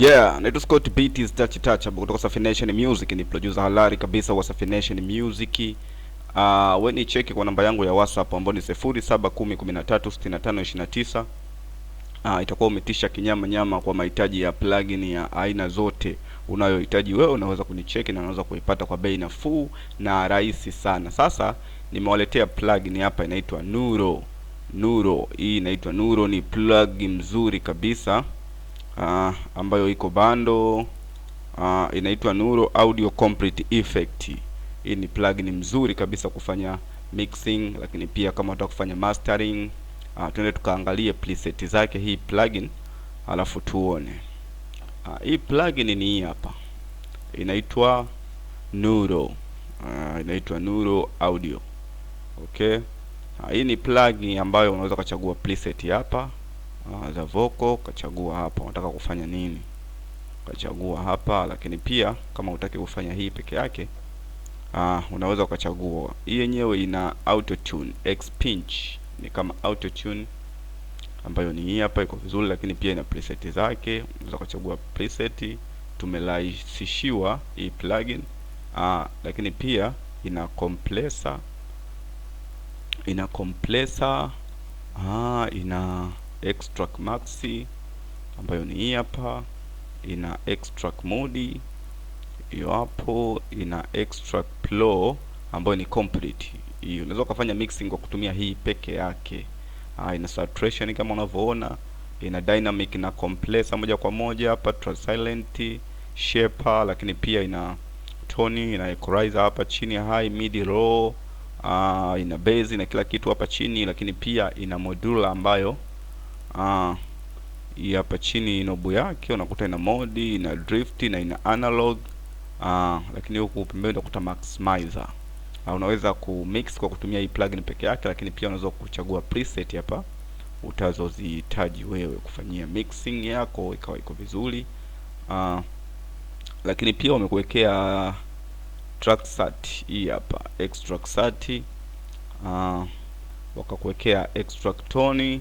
Yeah, naitwa Scott Beat Beatz Touch Touchable kutoka Safi Nation Music, ni producer halali kabisa wa Safi Nation Music. Ah, uh, wewe ni cheki kwa namba yangu ya WhatsApp ambayo ni 0710136529. Ah, uh, itakuwa umetisha kinyama nyama kwa mahitaji ya plugin ya aina zote unayohitaji wewe, unaweza kunicheki na unaweza kuipata kwa bei nafuu na rahisi sana. Sasa nimewaletea plugin hapa inaitwa Nuro. Nuro, hii inaitwa Nuro, ni plugin mzuri kabisa uh, ambayo iko bando uh, inaitwa Nuro Audio Complete Effect. Hii ni plugin mzuri kabisa kufanya mixing, lakini pia kama unataka kufanya mastering uh, ah, tuende tukaangalie preset zake hii plugin alafu tuone uh, hii plugin ni hii hapa inaitwa Nuro uh, inaitwa Nuro Audio okay. Uh, hii ni plugin ambayo unaweza kuchagua preset hapa Ah, za voko, ukachagua hapa unataka kufanya nini, ukachagua hapa. Lakini pia kama utaki kufanya hii peke yake uh, unaweza ukachagua hii yenyewe, ina auto tune X pinch, ni kama auto tune ambayo ni hii hapa, iko vizuri, lakini pia ina preset zake. Unaweza kuchagua preset, Tumelaisishiwa hii plugin ah, lakini pia ina compressor, ina compressor ah, ina extract maxi ambayo ni hii hapa, ina extract modi hiyo hapo, ina extract flow ambayo ni complete hiyo. Unaweza ukafanya mixing kwa kutumia hii peke yake. Ha, ah, ina saturation kama unavyoona, ina dynamic na compressor moja kwa moja hapa, transient shaper, lakini pia ina tone, ina equalizer hapa chini high, mid, low, ah, ina base na kila kitu hapa chini, lakini pia ina modula ambayo uh, hii hapa chini nobu yake unakuta ina modi, ina drift na ina analog uh, lakini huku pembeni unakuta maximizer. Uh, unaweza mix kwa kutumia hii plugin peke yake, lakini pia unaweza kuchagua preset hapa utazozihitaji wewe kufanyia mixing yako ikawa iko vizuri uh, lakini pia wamekuwekea track set hii hapa extract set uh, wakakuwekea extract tone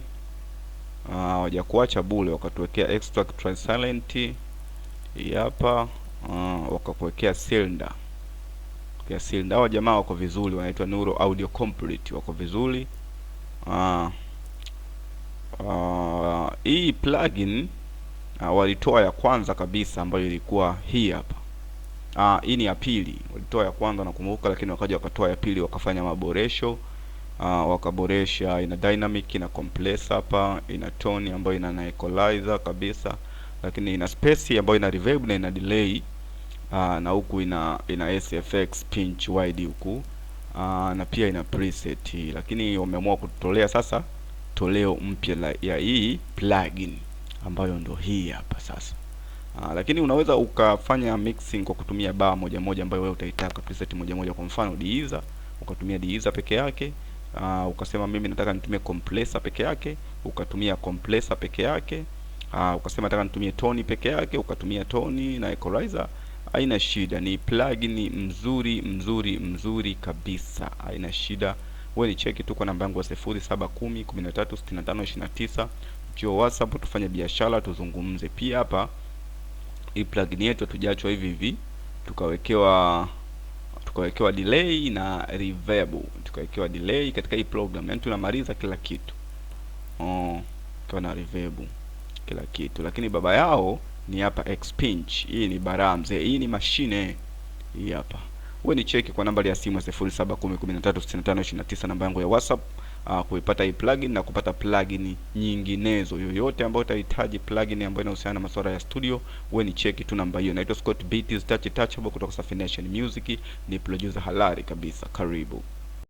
hawajakuacha uh, bule wakatuwekea extract transparent hapa uh, wakakuwekea cylinder ya cylinder. Hawa jamaa wako vizuri, wanaitwa Neuro Audio Complete, wako vizuri uh, uh, hii plugin uh, walitoa ya kwanza kabisa ambayo ilikuwa hii hapa hii uh, ni ya pili. Walitoa ya kwanza nakumbuka, lakini wakaja wakatoa ya pili wakafanya maboresho uh, wakaboresha ina dynamic, ina compress hapa, ina tone ambayo ina equalizer kabisa, lakini ina space ambayo ina reverb na ina delay uh, na huku ina ina SFX pinch wide huku uh, na pia ina preset, lakini wameamua kutolea sasa toleo mpya ya hii plugin ambayo ndio hii hapa sasa. Aa, lakini unaweza ukafanya mixing kwa kutumia baa moja moja ambayo wewe utaitaka preset moja moja, kwa mfano Deezer, ukatumia Deezer peke yake uh, ukasema mimi nataka nitumie compressor peke yake, ukatumia compressor peke yake uh, ukasema nataka nitumie toni peke yake, ukatumia toni na equalizer, haina shida. Ni plugin mzuri mzuri mzuri kabisa, haina shida. Wewe ni cheki tu kwa namba yangu ya 0710136529 jo WhatsApp tufanye biashara, tuzungumze. Pia hapa hii plugin yetu tujachwa hivi hivi, tukawekewa tukawekewa delay na reverb, tukawekewa delay katika hii program, yani tunamaliza kila kitu oh, kwa na reverb kila kitu, lakini baba yao ni hapa Xpinch. Hii ni baraa mzee, hii ni mashine hii hapa. Wewe ni cheki kwa nambari ya simu 0710136529 namba yangu ya WhatsApp uh, kuipata hii plugin na kupata plugin nyinginezo yoyote ambayo utahitaji plugin ambayo inahusiana na masuala ya studio, wewe ni cheki tu namba hiyo. Naitwa Scott Beatz Touch Touchable kutoka Safination Music, ni producer halali kabisa. Karibu.